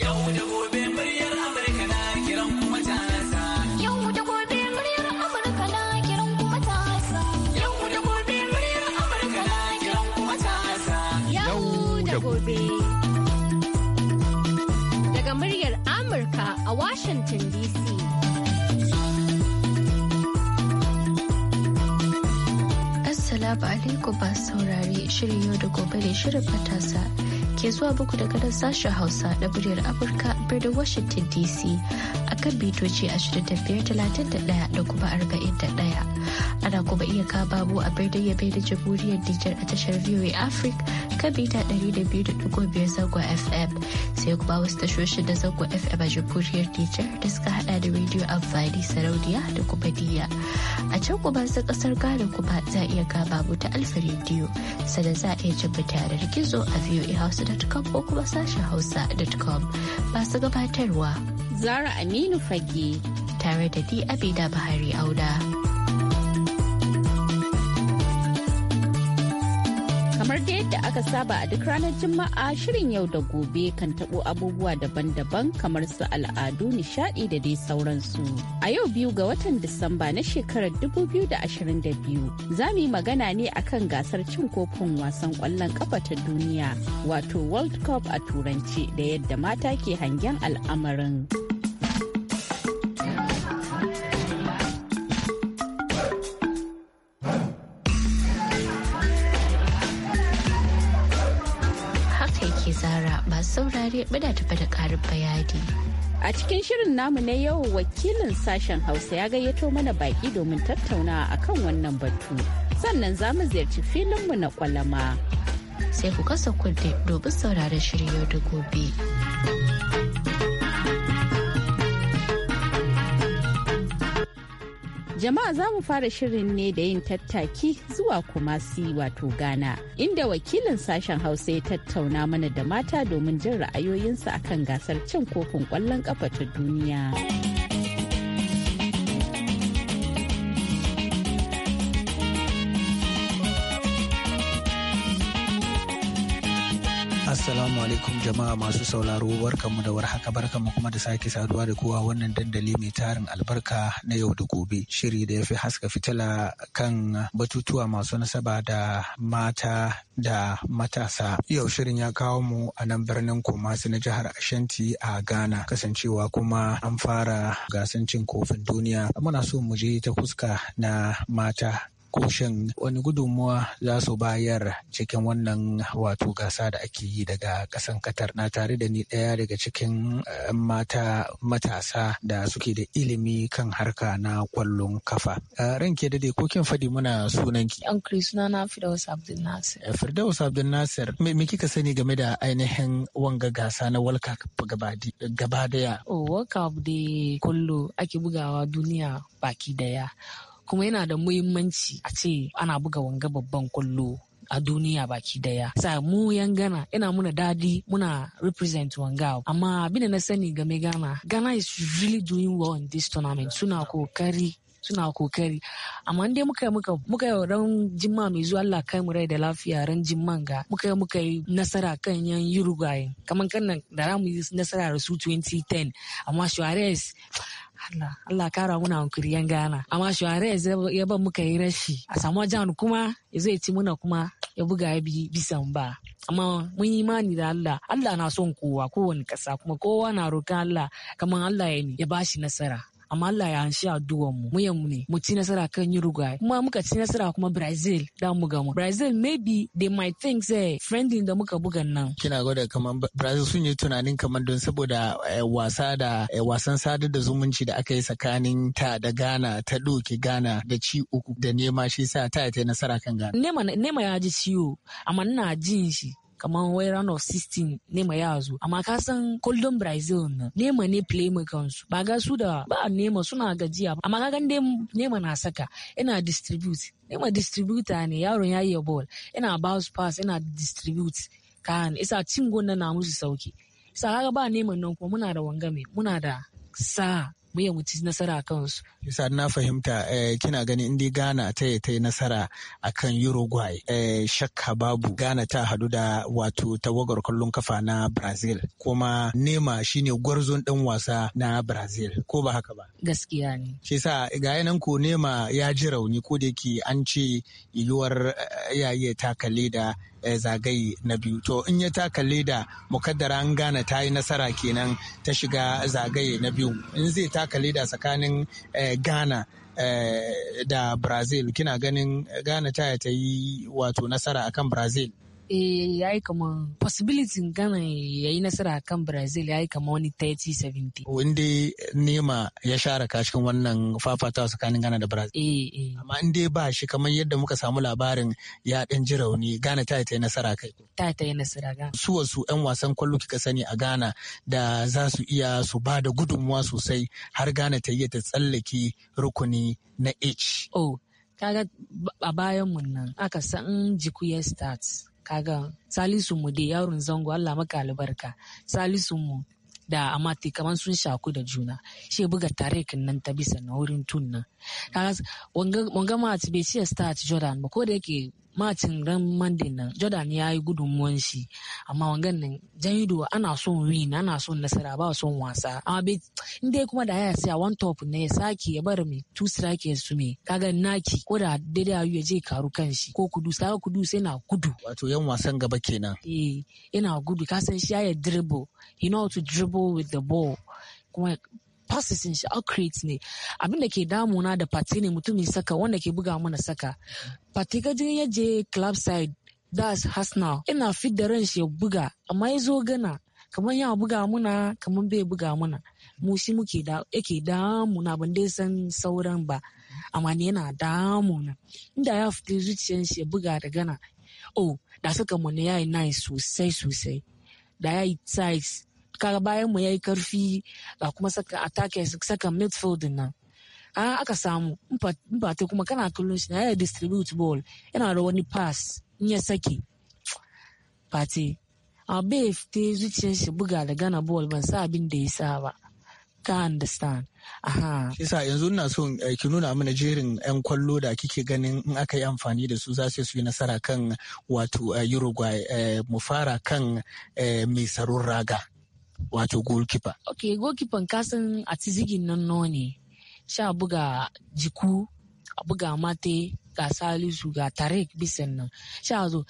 Yau da gobe muryar Amurka na kiran da gobe muryar Amurka na kiran da gobe muryar Amurka na kiran da gobe. Daga muryar Amurka a Washington DC. Assalamu alaikum ba saurari, shirin yau da gobe da shirin matasa. ke zuwa buku daga nan sashen Hausa na muryar Amurka birnin Washington DC a kan bitoci 2531 da kuma 41. Ana kuma iya kaba mu a birnin Yabe da Jamhuriyar dijar a tashar VOA Africa kan bita 200.5 FM sai kuma wasu tashoshin da zango fm a jamhuriyar nijar da suka hada da rediyo amfani sarauniya da kuma diya a can kuma su kasar ghana kuma za a iya kama mu ta alfa rediyo sannan za a iya jin mu da gizo a voahouse.com ko kuma sashen hausa.com masu gabatarwa zara aminu fage tare da di abida bahari auda. Kamar da yadda aka saba a duk ranar Juma'a shirin yau da gobe kan tabo abubuwa daban-daban kamar su al'adu, nishadi da dai sauransu. A yau biyu ga watan Disamba na shekarar 2022 za mu yi magana ne akan gasar cin kofin wasan kwallon kafa ta duniya wato World Cup a turanci da yadda mata ke hangen al'amarin. saurare bada tafa da karin bayani. A cikin shirin namu na yau wakilin sashen Hausa ya gayyato mana baki domin tattauna akan wannan batu. Sannan za mu ziyarci filinmu na kwalama. Sai ku kasa kudi domin saurare shirya da gobe. Jama'a za mu fara shirin ne da yin tattaki zuwa Kumasi wato Ghana, inda wakilin sashen Hausa ya tattauna mana da mata domin jin ra'ayoyinsu akan gasar cin kofin kwallon ƙafa ta duniya. alaikum jama'a masu sauraro barkanmu da warhaka barkanmu kuma da sake saduwa da kowa wannan dandali mai tarin albarka na yau da gobe shiri da ya fi haska fitila kan batutuwa masu nasaba da mata da matasa. Yau shirin ya kawo mu a nan birnin Kumasi na jihar Ashanti a Ghana kasancewa kuma an fara gasan cin kofin duniya muna so mu je ta fuska na mata ko shin wani gudunmuwa za su bayar cikin wannan wato gasa da ake yi daga ƙasan Qatar na tare da ni daya daga cikin eh, mata matasa da suke da ilimi kan harka na kwallon kafa. Eh, ranke dade ko kin faɗi muna sunanki. suna na Firdaus Abdul Nasir. Eh, Firdaus Abdul Nasir me kika sani game da ainihin wanga gasa na World Cup gaba daya? Oh, World Cup da kullu ake bugawa duniya baki daya. kuma yana da muhimmanci a ce ana buga wanga babban kwallo a duniya baki daya. Sa mu yan gana, ina muna dadi muna represent wanga amma abin da na sani game gana Ghana is really doing well in this tournament suna kokari suna kokari amma dai muka muka muka yi ran jimma mai zuwa Allah kai mu rai da lafiya ran jimman ga muka yi muka yi nasara kan yan yurugaye kamar kan nan da mu yi nasara da su 2010 amma Suarez Allah Allah kara muna hankuri yan gana amma Suarez ya ban muka yi rashi a samu jan kuma ya zai ci muna kuma ya buga ya bi bisan ba amma mun yi imani da Allah Allah na son kowa kowane kasa kuma kowa na roƙon Allah kamar Allah ya ne ya bashi nasara amma Allah ya hanshi addu'ar mu muyan mu ne mu ci nasara kan Uruguay kuma muka ci nasara kuma Brazil da mu gamu Brazil maybe they might think say friendly da muka buga nan kina gwada kaman Brazil sun yi tunanin kaman don saboda eh, wasa da eh, wasan sadar da zumunci da aka yi tsakanin ta da Ghana ta doke Ghana da ci uku da nema shi sa ta yi nasara kan Ghana nema nema ya ji ciwo amma ina jin shi kamar wai run of 16 nema ya zo amma ka san kullum brazil na nema ne mu su ba ga su da ba nema suna gajiya amma ka gan nema na saka yana distribute nema distributor ne yaron ya yi ball yana bounce pass ina distribute kan isa cin gona na musu sauki isa kaga ba neman nan kuma muna da wangame muna da sa mu ya nasara a kansu. Isa na fahimta eh, kina gani indi Ghana ta yi ta yi nasara akan Uruguay eh, shakka babu Ghana ta hadu da wato tawagar kallon kafa na Brazil kuma Nema shine gwarzon dan wasa na Brazil ko ba haka ba. Gaskiya ne. Shi sa ga yanan ko Nema ya ji rauni ko da yake an ce yiwuwar eh, yaye takale da Eh, zagaye na biyu to in ya taka leda mukaddara an gane ta yi nasara kenan ta shiga zagaye na biyu in zai taka leda tsakanin eh, ghana eh, da brazil kina ganin ghana ta yi wato nasara akan brazil Eh, ya yi kama possibility Ghana ya yi nasara kan Brazil ya yi kama wani 30-70. Wanda nema ya share ka cikin wannan fafatawa tsakanin Ghana da Brazil. Eh, eh. Amma in dai ba shi kamar yadda muka samu labarin ya ɗan ji rauni Ghana ta ta yi nasara kai. Ta ta yi nasara gana Su wasu 'yan wasan kwallo kika sani a Ghana da za su iya su ba da gudunmuwa sosai har gana ta yi ta tsallake rukuni na H. Oh, kaga a bayan mun nan aka san jiku ya start. kaga salisu mu da yaron zango Allah maka albarka salisu mu da amati kamar sun shaku da juna shi buga tare nan ta bisa na wurin tun nan wanga ma bai ciye start jordan ba ko da yake macin ran mandin nan jordan ya yi gudunmuwan shi amma wangan nan janido ana son win ana son nasara ba son wasa amma bai inda kuma da ya siya one top ne ya sake ya bar mai two strike su me kaga naki ko da daidai ya je karu kan shi. ko kudu sai kudu sai na kudu wato yan wasan gaba kenan eh yana gudu kasan shi ya dribble he know how to dribble with the ball kuma fasisin shi accurate ne abin da ke damuna da pati ne mutumin saka wanda ke buga mana saka pati gajin ya je club side das now ina fit da ran shi ya buga amma ya zo gana kamar ya buga muna kamar bai buga muna mu shi muke da yake damuna ban dai san sauran ba amma ne yana damuna inda ya fita zuciyar shi ya buga da gana oh da saka mu ne yayi nice sosai sosai da yayi tight kaga bayan mu yayi karfi ga kuma saka attack saka midfield nan a aka samu in ba ta kuma kana kallon shi na yana distribute ball yana da wani pass in ya sake pati a bai te zuciyar shi buga da gana ball ban sa abin da ya sa ba ka understand aha shi sa yanzu ina so eh, ki nuna mana jerin yan kwallo da kike ganin in aka yi amfani da su za su yi nasara kan wato eh, uruguay eh, mu fara kan mai sarun raga wato goalkeeper. Ok, goalkeeper kasan a tizigin nan nawa ne, sha buga jiku, a buga mate, ga salisu, ga tarik bisan nan. Sha zo,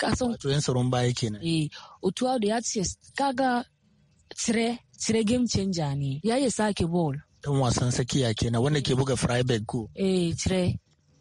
kasan... Wato yan tsaron baya kenan. Eh, Otuwa da ya ce, kaga tire, tire game changer ne, ya yi sake ball. Dan wasan sakiya kenan wanda ke buga Freiburg ko. Eh, tire,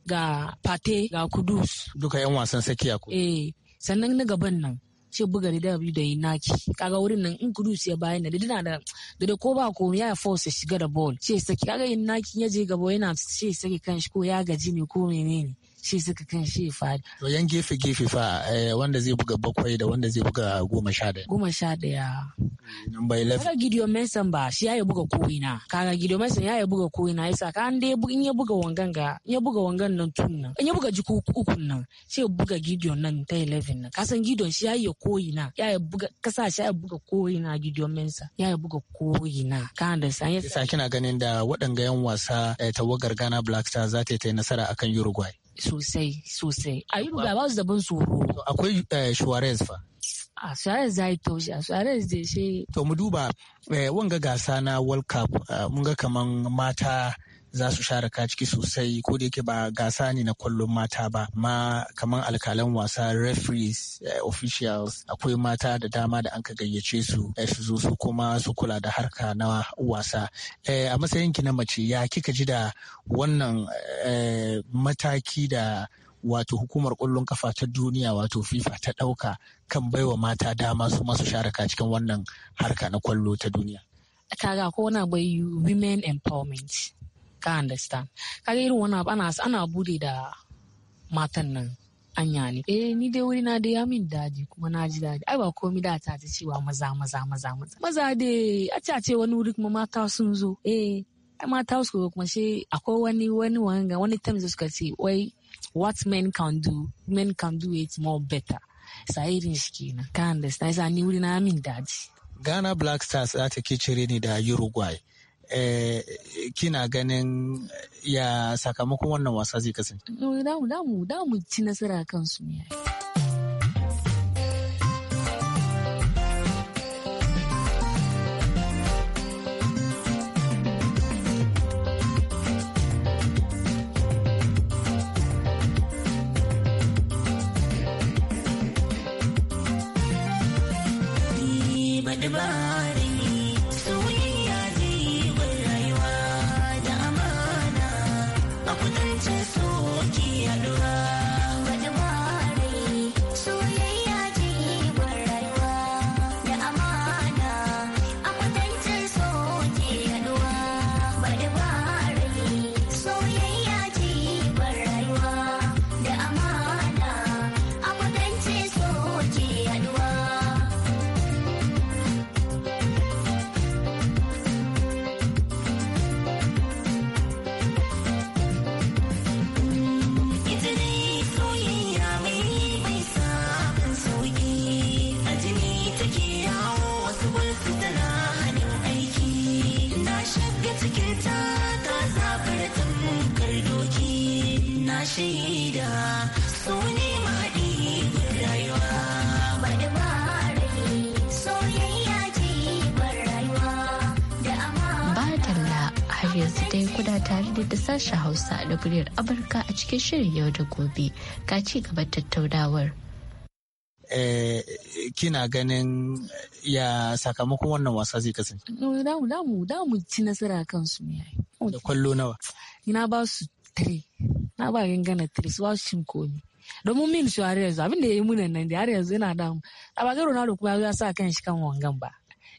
ga Pate, ga Kudus. Duka yan wasan sakiya ko. Eh, sannan na gaban nan. ce buga da biyu da naki kaga wurin nan in kudus ya bayan da dina da da ko ba ko ya force shiga da ball ce saki kaga yin naki ya je gaba yana ce saki kanshi ko ya gaji ne ko menene shi suka kai shi fadi. To yan gefe gefe fa eh, wanda zai buga bakwai da wanda zai buga goma sha daya. Goma sha daya. Eh, number 11. Kaga Gideon Mason ba shi ya yi buga ko'ina. Kaga Gideon Mason ya yi buga ko'ina sa ka an dai in ya buga wangan ga in ya buga wangan nan tun nan in ya buga jiku ukun nan sai ya buga Gideon nan ta 11 nan. Kasan Gideon shi ya yi ko'ina ya yi buga kasa shi ya buga ko'ina Gideon Mason ya yi buga ko'ina. Ka da san ya sa kina ganin da waɗanga yan wasa eh, tawagar Ghana Black Stars za ta yi nasara akan Uruguay. sosai sosai a yi ba ba su da ban tsoro akwai eh, shuarez fa a suarez zai yi taushe suarez da shi to mu duba eh, wanga gasa na world cup ah, mun ga kaman mata za su share ka ciki sosai ko da yake ba gasa ne na kwallon mata ba ma kamar alkalan wasa referees eh, officials akwai mata da dama da an ka gayyace su eh, su zo su kuma su kula da harka na wasa eh, a matsayin ki na mace ya kika ji da wannan mataki da wato hukumar kwallon kafa ta duniya wato fifa ta ɗauka kan baiwa mata dama su masu share ka cikin wannan harka na kwallo ta duniya kaga ko na bai women empowerment ka understand kaga irin bana ana ana bude da matan nan anya ne eh ni dai wuri na dai ya min daji kuma na ji daji ai ba komai da ta cewa maza maza maza maza maza dai a ce a ce wani wuri kuma mata sun zo eh mata su kuma shi akwai wani wani wanga wani terms suka ce wai what men can do men can do it more better sa irin shi kenan ka understand sa ni wuri na min daji Ghana Black Stars za ta kicire ni da Uruguay Eh, kina ganin eh, ya sakamakon wannan wasa zai kasance? Damu ci nasara kansu ne. Bye. Thank you. dai kuda tare da sashen Hausa da muryar Amurka a cikin shirin yau da gobe ga ci gaba tattaunawar. Eh, kina ganin ya sakamakon wannan wasa zai kasance? Damu damu damu ci nasara kansu ne. Da kwallo nawa? Na ba su tire, na ba gangana tire su ba su cin komi. Domin min shi har yanzu abin da ya yi munan nan da har yanzu yana damu. A ba Ronaldo kuma ya sa kan shi kan wangan ba.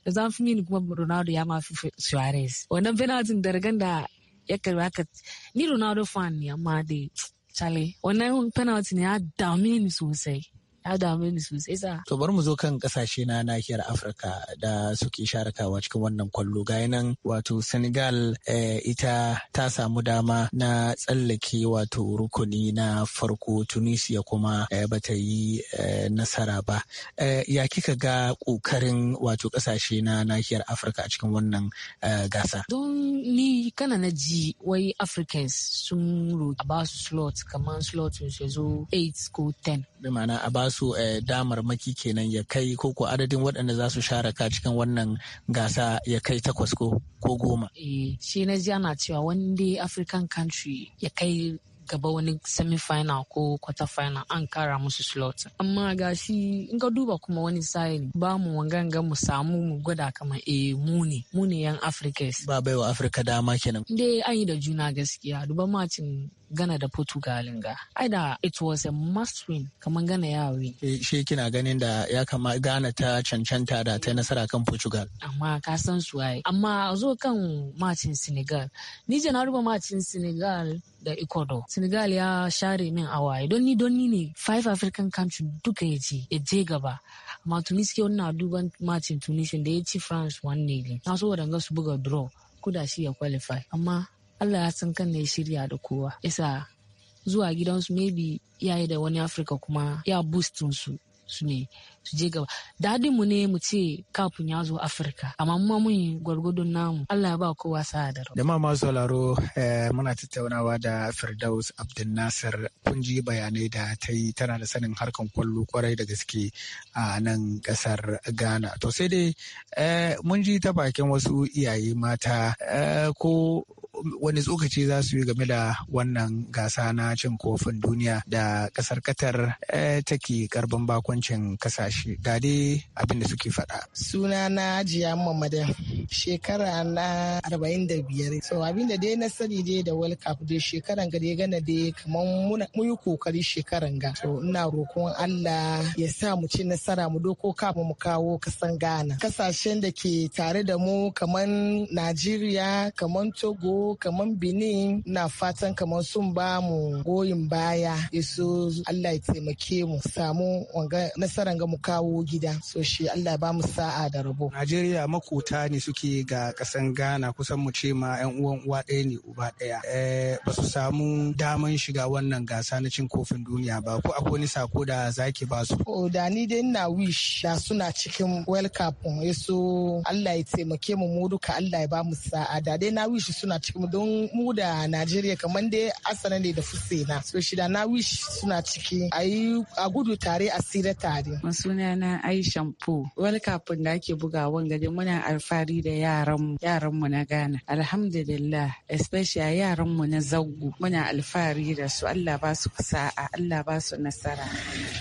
da za fi mini kuma Ronaldo ya mafi Suarez. Wannan penalty da ragan da ya karba ka ni Ronaldo fan ne amma dai wannan penalty ne ya dami ni sosai. ya dame ni sosai sa. To bari mu zo kan kasashe na nahiyar Afirka da suke sharakawa cikin wannan kwallo ga nan wato Senegal eh, ita ta samu dama na tsallake wato rukuni na farko Tunisia kuma eh, ba ta yi eh, nasara ba. Ya kika ga kokarin wato kasashe na nahiyar Afirka a cikin wannan gasa? Don ni kana na ji wai Africans sun roƙi a ba su slot kamar slot sun zo 8 ko 10. Bi ma'ana a ba ba su eh, damarmaki kenan ya kai ko ko adadin waɗanda za su sharaka cikin wannan gasa ya kai takwas ko goma. Eh, shi na ji ana cewa wani african country ya kai gaba wani semi-final ko quarter-final an kara musu slot. Amma gashi in ka duba kuma wani sa'in ba mu wanganga mu samu mu gwada kama e mu ne mu ne yan Afirka. Ba baiwa Afirka dama kenan. Inde an yi da juna gaskiya duban macin Gana da Portugal ga. Ai da it was a must win kamar Gana ya win. Shi kina ganin da ya kama Ghana ta cancanta da ta nasara kan Portugal. Amma ka san su ai. Amma zo kan macin Senegal. Ni je na ruba macin Senegal da ecuador senegal ya share min a waye don ni don ni ne five african country duka ya ce ya je gaba amma tunisia wani na duban matin tunisian da ya ci france one nil na so wadanga su buga draw kuda shi ya qualify amma allah ya san kan ya shirya da kowa Yasa zuwa gidansu maybe yayi da wani afirka kuma ya boost su su ne su je gaba dadin mu ne mu ce kafin ya zo afirka amma mu mun gwargwadon namu allah ya ba kowa sa'adar Da masu sauraro eh, muna tattaunawa da firdaus abdulnasir kun ji bayanai da ta yi tana da sanin harkan kwallo kwarai da gaske a nan kasar ghana to sai dai eh, mun ji ta bakin wasu iyaye mata eh, ko wani tsokaci za su yi game da wannan gasa na cin kofin duniya da kasar katar eh, take karban bakoncin kasashe ga dai abin suke faɗa. Suna na Jiya Mamadan shekara na 45. So abin da dai na sani dai da World Cup dai shekaran ga dai gana dai kamar mun yi kokari shekaran ga. So ina roƙon Allah ya sa mu ci nasara mu doko kafin mu kawo kasan Ghana. Kasashen da ke tare da mu kamar Najeriya, kamar Togo, kamar benin na fatan kamar sun ba mu goyin baya iso allah ya taimake mu samu nasarar ga mu kawo gida so shi allah ba mu sa'a da rabo najeriya makota ne suke ga kasan ghana kusan mu ce ma yan uwan uwa ɗaya ne uba ɗaya eh, ba su samu daman shiga wannan gasa na cin kofin duniya ba ko akwai wani sako da zaki ba su o oh, da ni dai na wish da suna cikin world cup yaso allah ya taimake mu mu duka allah ya ba mu sa'a da dai na wish suna cikin cikin don mu da Najeriya kamar dai Asana ne da na. So shida na wish suna ciki Ayi a gudu tare a sira tare. Masuna na Aisha Mpo. wani kafin da ake bugawan gari muna alfahari da yaran yaran mu na Ghana. Alhamdulillah especially yaran mu na Zaggu muna alfahari da su Allah ba su sa'a Allah ba su nasara.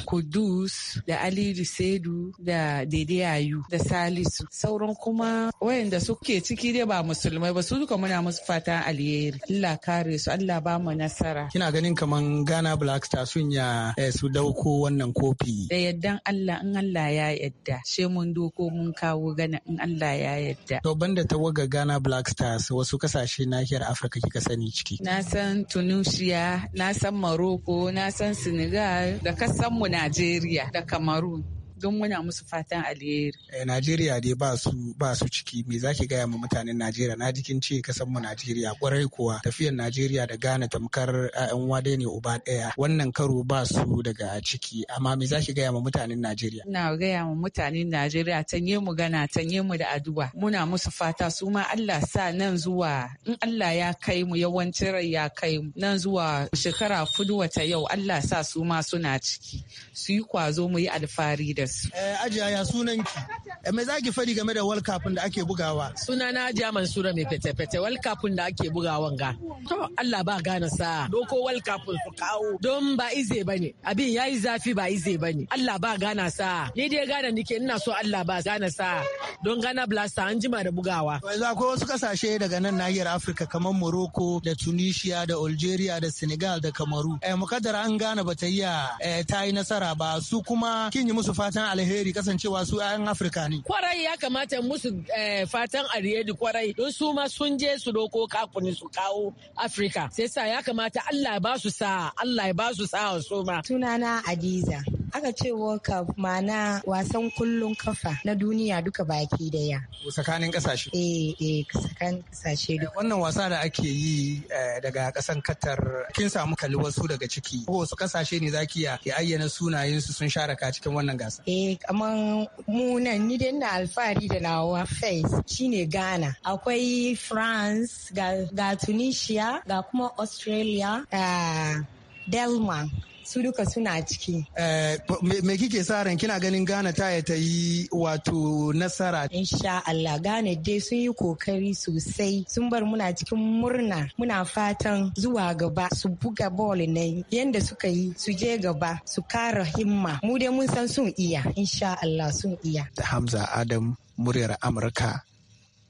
Kudus da Aliyu Sedu da Dede Ayu da Salisu sauran kuma wayanda suke ciki dai ba musulmai ba su duka muna musu fatan alheri Allah kare su Allah ba mu nasara kina ganin kaman Ghana Black Star sun ya eh, su dauko wannan kofi da yaddan Allah in Allah ya yadda she mun doko mun kawo gana in Allah ya yadda to banda tawaga Ghana Black Stars wasu kasashe nahiyar Afirka kika sani ciki na san Tunisia na san Morocco na san Senegal da kasan mu Najeriya da Cameroon don muna musu fatan alheri. Eh, Najeriya dai ba su ba su ciki me zaki gaya ma mutanen Najeriya na jikin ce kasan mu Najeriya kwarai kuwa tafiyar Najeriya da Ghana tamkar ƴaƴan wade ne uba daya wannan karo ba su daga ciki amma me zaki gaya ma mutanen Najeriya? Ina gaya ma mutanen Najeriya tanye mu gana tanye mu da addu'a muna musu fata su ma Allah sa nan zuwa in Allah ya kai mu yawancin rai ya kai mu nan zuwa shekara fudu ta yau Allah sa su ma suna ciki su yi kwazo mu yi alfahari da Yes. Eh, Ajiya ya sunan ki. Eh, me za ki game da World Cup da ake bugawa? Sunana Ajiya Mansura mai fete-fete World Cup da ake bugawan ga. To Allah ba gane sa. Doko World Cup su kawo. Don ba ize bane. Abin yayi zafi ba ize bane. Allah ba gana sa. Ni dai gana nike ina so Allah ba gana sa. Don Ghana Blaster an jima da bugawa. Yanzu akwai wasu kasashe daga nan nahiyar Afirka kamar Morocco da Tunisia da Algeria da Senegal da Kamaru. Eh mukaddara an gane ta yi eh, ta yi nasara ba su kuma kin yi musu fata fatan alheri kasancewa su 'ya'yan Afirka ne. Kwarai ya kamata musu eh, fatan alheri kwarai don su ma sun je su doko kakuni su kawo Afirka. Sai sa ya kamata Allah ya ba su sa'a, Allah ba su sa'a su ma. Sunana Adiza. Aka ce World Cup ma'ana wasan kullun kafa na duniya duka baki daya. Tsakanin kasashe. Eh eh tsakanin kasashe Wannan wasa da ake yi eh, daga kasan Qatar kin samu kalli wasu daga ciki. Ko wasu kasashe ne zaki ya ayyana sunayen su sun share ka cikin wannan gasa. Eh kaman mu nan ni dai na alfahari da nawa face shine Ghana. Akwai France ga, Tunisia ga kuma Australia. Uh, Delma su duka suna ciki. Eh, me kike sa ran kina ganin Ghana ta ta yi wato nasara? Insha Allah Ghana dai sun yi kokari sosai sun bar muna cikin murna muna fatan zuwa gaba su buga bol yi. yanda suka yi su je gaba su kara himma mu dai mun san sun iya insha Allah sun iya. Hamza Adam muryar Amurka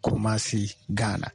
Kumasi Ghana.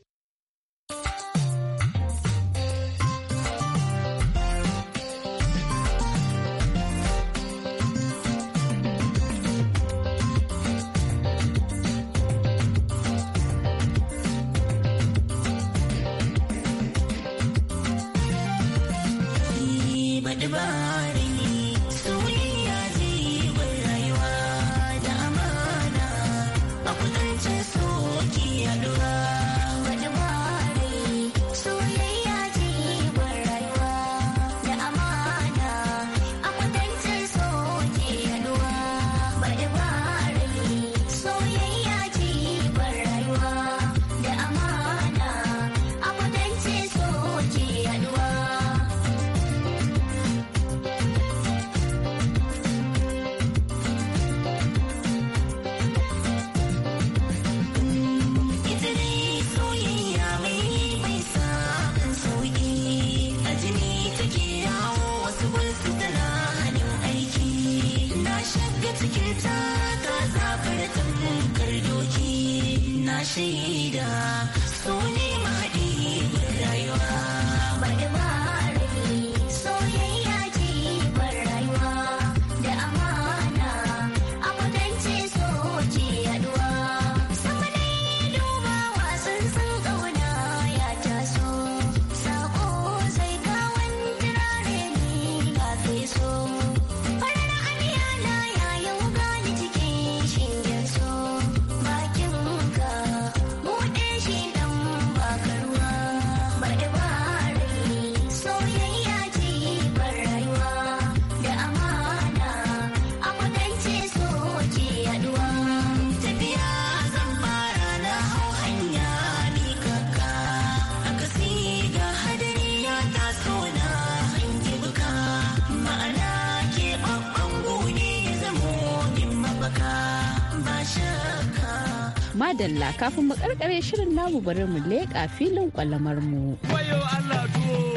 madalla kafin mu karkare shirin namu bari mu leƙa filin kwalamar mu. Allah tuwo.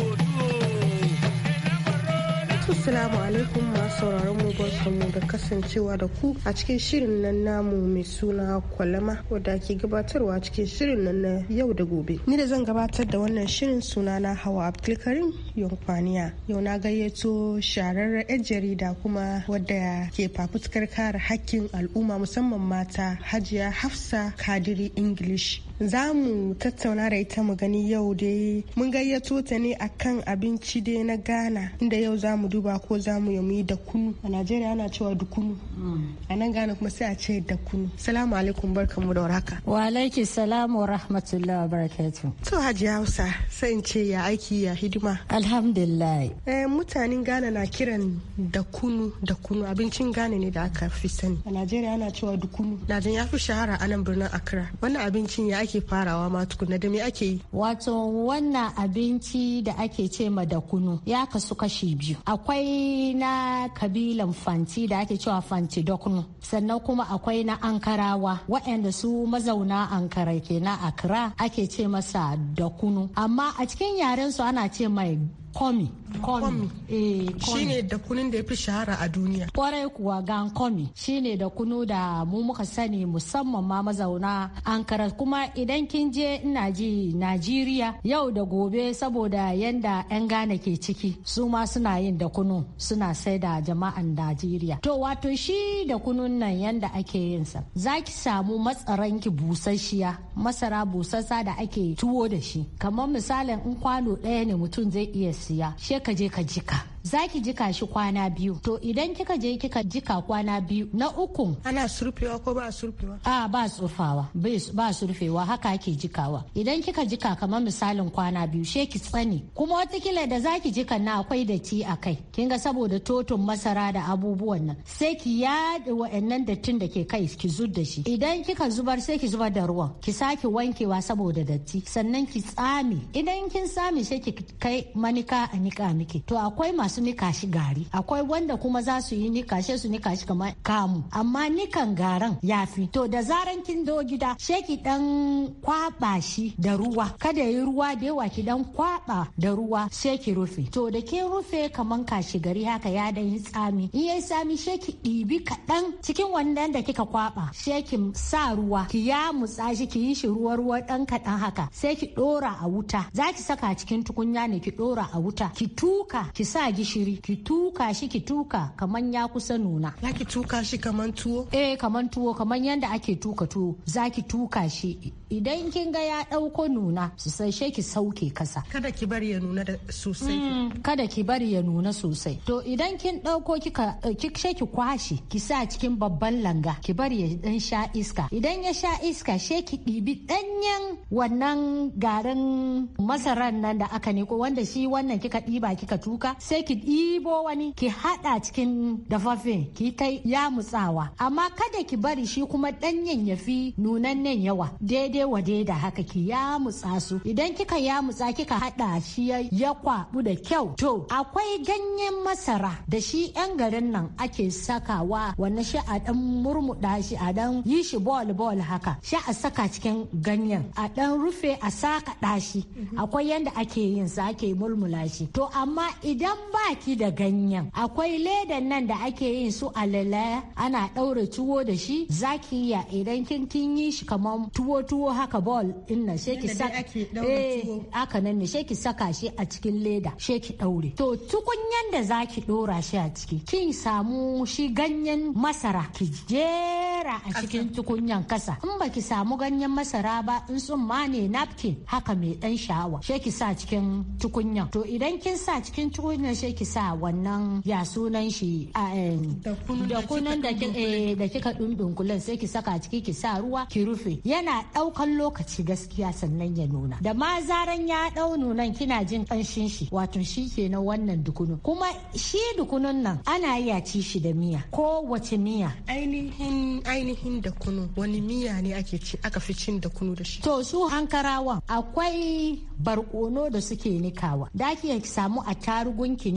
Assalamu alaikum masu sauraron mu mu da kasancewa da ku a cikin shirin nan namu mai suna kwalama wadda ke gabatarwa cikin shirin nan na yau da gobe. Ni da zan gabatar da wannan shirin suna na Hawa Abdulkarim Yonkwaniya. Yau na gayyato shararren 'yan jarida kuma wadda ke fafutukar kare hakkin al'umma musamman mata Hajiya Hafsa Kadiri English. Za mu tattauna da ita mu gani yau dai mun gayyato ta ne akan abinci dai na Ghana inda yau za mu duba ko za mu yi da kunu a najeriya ana cewa da kunu a nan gane kuma sai a ce da kunu salamu alaikum barkamu da warhaka wa alaiki salamu rahmatullahi wa barakatu to hausa sai in ce ya aiki ya hidima alhamdulillah eh mutanen gane na kiran da kunu da kunu abincin gane ne da aka fi sani a najeriya ana cewa da kunu na ya fi shahara a nan birnin accra wannan abincin ya ake farawa ma tukuna da me ake yi wato wannan abinci da ake ce ma da kunu ya kasu kashi biyu akwai akwai na kabilan fanci da ake cewa fanci dokno sannan kuma akwai na ankarawa waɗanda su mazauna ankara ke na akra ake ce masa dokunu amma a cikin yaren su ana ce mai komi komi eh shine da kunun da ya fi shahara a duniya kwarai kuwa gan komi shine da kunu da mu muka sani musamman ma mazauna ankara kuma idan kin je ina ji najeriya yau da gobe saboda yanda yan gane ke ciki su ma suna yin da kunu suna sai da jama'an najeriya to wato shi da kunun nan yanda ake yin sa zaki samu matsaranki busasshiya masara busassa da ake tuwo da shi kamar misalin in kwano ɗaya ne mutum zai iya siya she ka je ka jika za ki jika shi kwana biyu to idan kika je kika jika kwana biyu na uku ana surfewa ko ba surfewa a ba tsufawa ba surfewa haka ake jikawa idan kika jika kamar misalin kwana biyu she ki tsani kuma watakila da za ki jika na akwai da ci a kai kin ga saboda totun masara da abubuwan nan sai ki yaɗa wa'annan dattin da ke kai ki zub da shi idan kika zubar sai ki zubar da ruwan ki sake wankewa saboda datti sannan ki tsame idan kin tsame sai ki kai manika a nika miki to akwai masu su nika shi gari akwai wanda kuma za su yi nika shi su nika shi kamar kamu amma nikan garan ya fi to da zaran kin do gida sheki dan kwaba shi da ruwa kada yi ruwa da yawa ki dan kwaba da ruwa sheki rufe to da kin rufe kaman kashi gari haka ya dan yi tsami in yayi tsami sheki ɗibi kaɗan cikin wannan da kika kwaba sheki sa ruwa ki ya mutsa shi ki yi shi ruwa ruwa dan kaɗan haka sai ki ɗora a wuta za ki saka cikin tukunya ne ki ɗora a wuta ki tuka ki sa gishi gishiri ki tuka shi ki tuka kaman ya kusa nuna za ki tuka shi kaman tuwo eh kaman tuwo kaman yanda ake tuka tuwo za ki tuka shi idan kin ga ya dauko nuna sosai ki sauke kasa kada ki bari ya nuna da sosai mm, kada ki bari ya nuna sosai to idan kin dauko kika eh, ki ki ki kwashi ki sa cikin babban langa ki bari ya dan sha iska idan ya sha iska she ki ɗibi danyen wannan garin masaran nan da aka ne ko wanda shi wannan kika diba kika tuka sai ki ɗibo wani ki haɗa cikin dafaffe ki ta mutsawa amma kada ki bari shi kuma ɗanyen ya fi nunannen yawa daidai wa da haka ki ya mutsa su idan kika ya mutsa kika haɗa shi ya kwaɓu da kyau to akwai ganyen masara da shi 'yan garin nan ake sakawa wannan shi a ɗan murmuɗa shi a ɗan yi shi bol bol haka shi a saka cikin ganyen a ɗan rufe a saka ɗashi mm-hmm. akwai yanda ake yin sa ake mulmula shi to amma idan baki da ganyen akwai ledan nan da ake yin su alala ana ɗaure tuwo da shi zaki iya idan kin kin yi shi kamar tuwo tuwo haka ball din nan she ki saka eh aka nan ne she ki saka shi a cikin leda she ki ɗaure to tukunyan da zaki ɗora shi a ciki kin samu shi ganyen masara ki jera a cikin tukunyan kasa in baki samu ganyen masara ba in ma ne napkin haka mai dan sha'awa she ki sa cikin tukunyan to idan kin sa cikin tukunyan sai ki sa wannan ya sunan shi da kunan da kika kulan eh, sai ki saka ciki ki sa ruwa ki rufe yana ɗaukan lokaci gaskiya sannan ya nuna da ma zaran ya dau nunan kina jin kanshin shi wato shi kenan wannan dukunu kuma shi dukunun nan ana iya ci shi da miya ko wace miya ainihin ainihin da kunu wani miya ne ake ci aka fi cin da kunu da shi to su hankarawan akwai barkono da suke nikawa da ki samu a tarugunki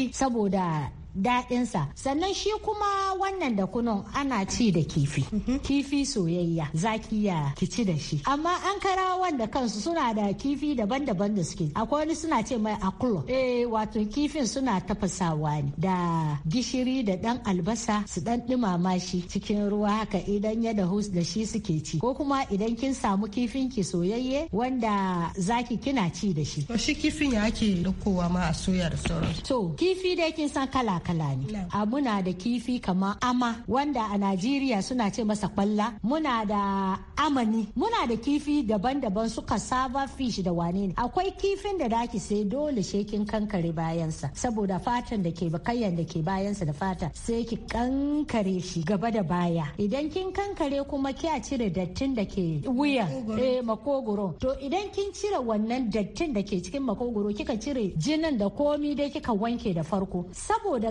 saboda daɗinsa sannan shi kuma wannan da kunun ana ci da kifi mhm. kifi soyayya zaki ya ci da shi amma an kara wanda kansu suna da kifi daban-daban da suke akwai wani suna ce mai akulo eh wato kifin suna tafasawa ne da gishiri da ɗan albasa su dan dumama shi cikin ruwa haka idan ya dahu da shi suke ci ko kuma idan kin samu kifin ki soyayye wanda zaki kina ci da shi to shi kifin ya ake ma a soya da sauransu to kifi dai kin san kala kala-kala ne. A ah, muna da kifi kama ama wanda a Najeriya suna ce masa kwalla. Muna da amani. Muna da kifi daban-daban suka saba fish da wane ne. Akwai kifin da daki sai dole shekin kankare bayansa. Saboda fatan da ke bakayyan da ke bayansa da fata sai ki kankare shi gaba da baya. Idan kin kankare kuma kya cire dattin da ke wuya eh makogoro. To idan kin cire wannan dattin da ke cikin makogoro kika cire jinin da komi dai kika wanke da farko. Saboda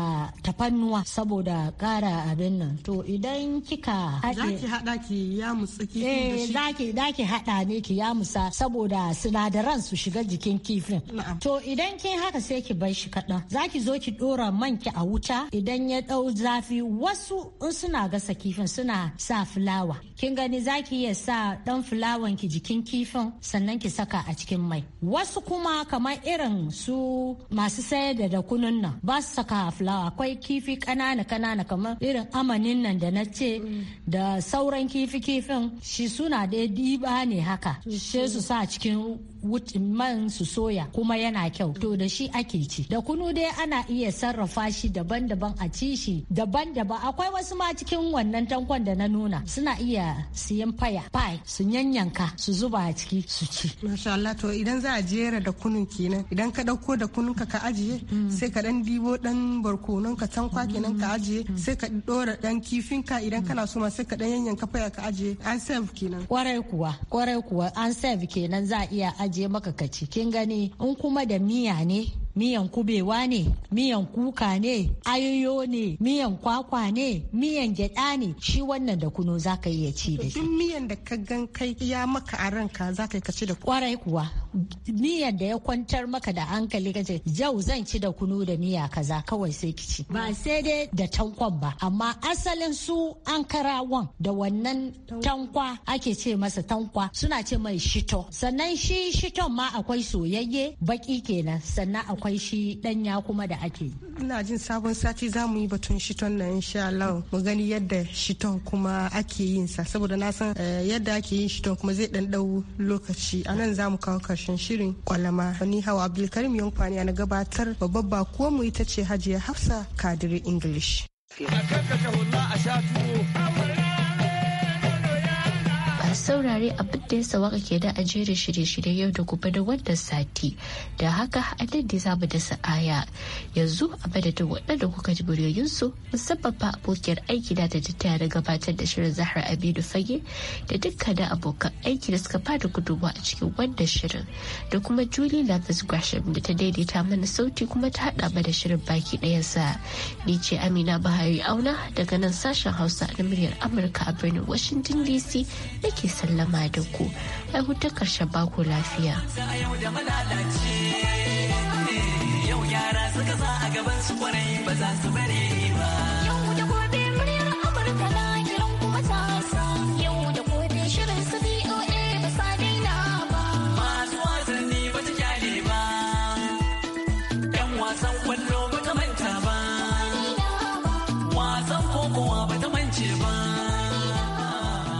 da tafannuwa saboda kara abin nan to idan kika haɗe zaki haɗa ki ya musa kifin da eh, shi zaki zaki haɗa ne ki ya musa saboda sinadaran su shiga jikin kifin to idan kin haka sai ki bar shi kaɗan zaki zo ki ɗora man ki a wuta idan ya dau zafi wasu in suna gasa kifin suna sa fulawa kin gani zaki iya sa ɗan fulawan ki jikin kifin sannan ki saka a cikin mai wasu kuma kamar irin su masu sayar da dakunan nan ba su saka fulawa nawa akwai kifi kanana kanana kamar irin amanin nan da na ce da sauran kifi kifin shi suna da diba ne haka she su sa cikin man su soya kuma yana kyau to da shi ake ci da kunu dai ana iya sarrafa shi daban-daban a ci shi daban-daban akwai wasu ma cikin wannan tankon da na nuna suna iya siyan faya pie su yanyanka su zuba a ciki su ci masha Allah to idan za a jera da kunun kenan idan ka dauko da kunun ka ka ajiye mm. sai ka dan dibo dan barkonon ka tankwa kenan ka mm. ajiye mm. sai ka dora dan kifin ka idan kana so ma sai ka dan yanyanka faya ka ajiye an save kenan kwarai kuwa kwarai kuwa an save kenan za a iya je maka ka kin gani in kuma da miya ne miyan kubewa ne miyan kuka ne ayoyo ne miyan kwakwa ne miyan gyada ne shi wannan da kuno zaka iya ci da shi miyan da ka gan kai ya maka a ranka zaka yi ka ci da kwarai kuwa miyar da ya kwantar maka da hankali kace yau zan ci da kunu da miya kaza kawai sai ki ci ba sai dai da tankwan ba amma asalin su an karawan da wannan tankwa ake ce masa tankwa suna ce mai shito sannan shi shiton ma akwai soyayye baki kenan sannan akwai shi danya kuma da ake ina jin sabon sati za mu yi batun shiton nan insha Allah mu gani yadda shiton kuma ake yin sa saboda na san eh, yadda ake yin shiton kuma zai dan dau lokaci anan za mu kawo karshen shirin kwalama ni hawa abdulkarim yankwani na gabatar babbar bakuwa mu ita ce hajiya hafsa kadiri english saurare a da ya sawaka ke da a jere shirye-shirye yau da gobe da wanda sati da haka a nan da za mu da sa'aya yanzu a madadin waɗanda kuka ji muryoyinsu musamman fa abokiyar aiki da ta taya da gabatar da shirin zahra aminu fage da dukkanin abokan aiki da suka bada gudunmawa a cikin wanda shirin da kuma julie lathis gresham da ta daidaita mana sauti kuma ta haɗa mana shirin baki sa ni ce amina bahari auna daga nan sashen hausa na muryar amurka a birnin washington dc ke sallama da ku ai huta karshen baku lafiya yau yara suka sa a gaban su kwarai ba za su bare